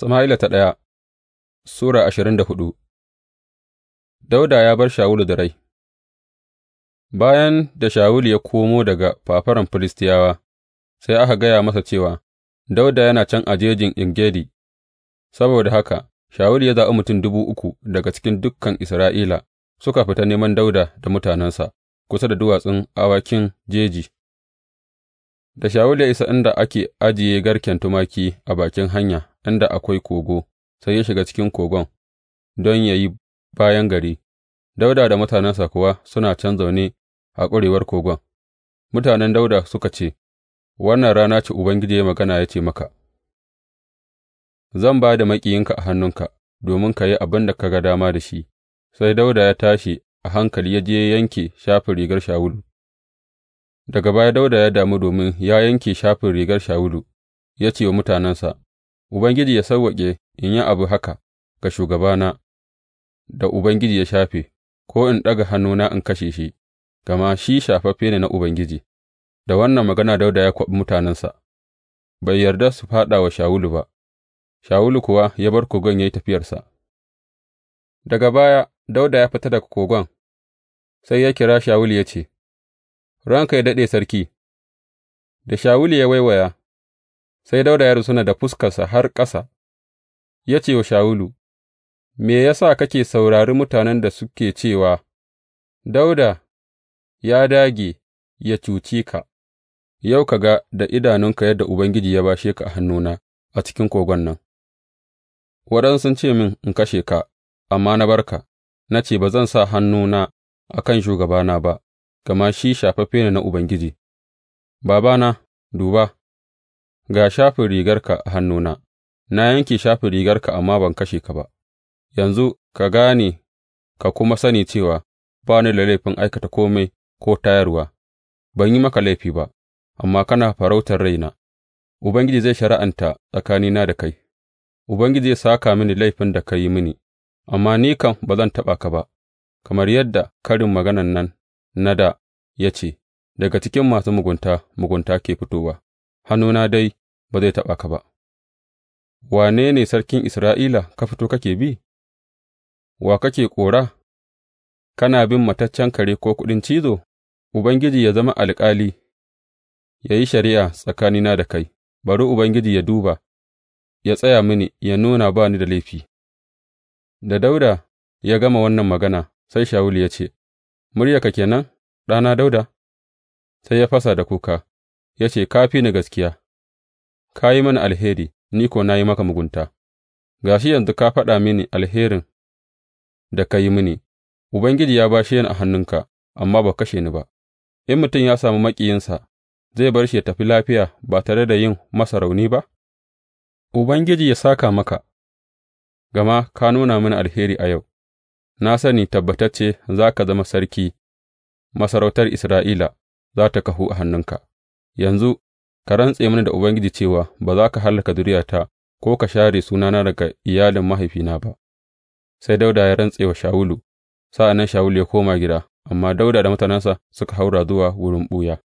Sama'ila ta ɗaya Sura ashirin da hudu Dauda ya bar Shawulu da rai Bayan da Shawulu ya komo daga fafaran Filistiyawa, sai aka gaya masa cewa, Dauda yana can a jejin Engedi, saboda haka Shawulu ya zaɓi mutum dubu uku daga cikin dukkan Isra'ila suka fita neman Dauda da mutanensa kusa da duwatsun awakin jeji. Da Shawul ya isa inda ake ajiye garken tumaki a bakin hanya, inda akwai kogo, sai ya shiga cikin kogon don yayi yi bayan gari, Dauda da mutanensa kuwa suna can zaune a ƙurewar kogon. Mutanen Dauda suka ce, Wannan rana ce Ubangiji ya magana ya ce maka, Zan ba da maƙiyinka a hannunka domin ka yi abin da ka ga dama da shi, sai Dauda ya tashi a hankali ya je yanke shafin rigar Shawulu. Daga baya Dawuda ya damu domin ya yanke shafin rigar Shawulu, ya ce wa mutanensa, Ubangiji ya sawwaƙe in yi abu haka ga shugabana da Ubangiji ya shafe, ko in ɗaga hannuna in kashe shi, gama shi shafaffe ne na Ubangiji. Da wannan magana Dawuda ya kwaɓi mutanensa, bai yarda su faɗa wa Shawulu ba, Shawulu kuwa ya bar kogon ya yi tafiyarsa. Daga baya Dawuda ya fita daga kogon, sai ya kira Shawulu ya ce, Ranka yă daɗe sarki, da Shawulu ya waiwaya, sai Dawuda ya rusuna da fuskarsa har ƙasa, ya ce wa Shawulu, Me ya sa kake saurari mutanen da suke cewa, Dauda ya dage ya cuci ka, yau ka ga da idanunka yadda Ubangiji ya bashe ka a hannuna a cikin kogon nan, waɗansu sun ce min in kashe ka, amma na barka, na ce ba zan sa hannuna a kan shugabana ba. gama shi shafaffe ne na Ubangiji, Babana, duba, ga shafin rigarka a hannuna, na yanke shafin rigarka amma ban kashe ka ba, yanzu ka gane ka kuma sani cewa ba ni da laifin aikata kome ko tayarwa, ban yi maka laifi ba, amma kana farautar raina, Ubangiji zai shari'anta tsakanina da kai, Ubangiji zai saka mini laifin da ka yi mini, amma ni kam ba zan taɓa ka ba, kamar yadda karin maganan nan na dā ya ce, Daga cikin masu mugunta mugunta ke fitowa, hannuna dai ba zai taɓa ka ba, wane ne sarkin Isra'ila ka fito kake bi, wa kake ƙora, kana bin mataccen kare ko kuɗin cizo, Ubangiji ya zama alƙali, ya yi shari'a tsakanina da kai, bari Ubangiji ya duba, ya tsaya mini, ya nuna ba ni da laifi. Da Dauda ya gama wannan magana, sai Shawulu ya ce, Muryarka ke nan, ɗana Dawuda? Sai ya fasa da kuka, ya ce, Ka fi ni gaskiya, ka yi mini alheri, ni ko na yi maka mugunta, ga shi yanzu ka faɗa mini alherin da ka yi mini, Ubangiji ya bashe ni a hannunka, amma ba kashe ni ba, in mutum ya sami maƙiyinsa, zai bar shi ya tafi lafiya ba tare da yin masa rauni ba? Ubangiji ya saka maka, gama ka nuna mini alheri a yau. na sani tabbatacce za ka zama sarki, masarautar Isra'ila za ta kahu a hannunka, yanzu ka rantse mini da Ubangiji cewa ba za ka hallaka zuriyata ko ka share sunana daga iyalin mahaifina ba. Sai Dauda ya rantse wa Shawulu, sa'an nan Shawulu ya koma gida, amma Dauda da mutanensa suka haura zuwa wurin ɓuya.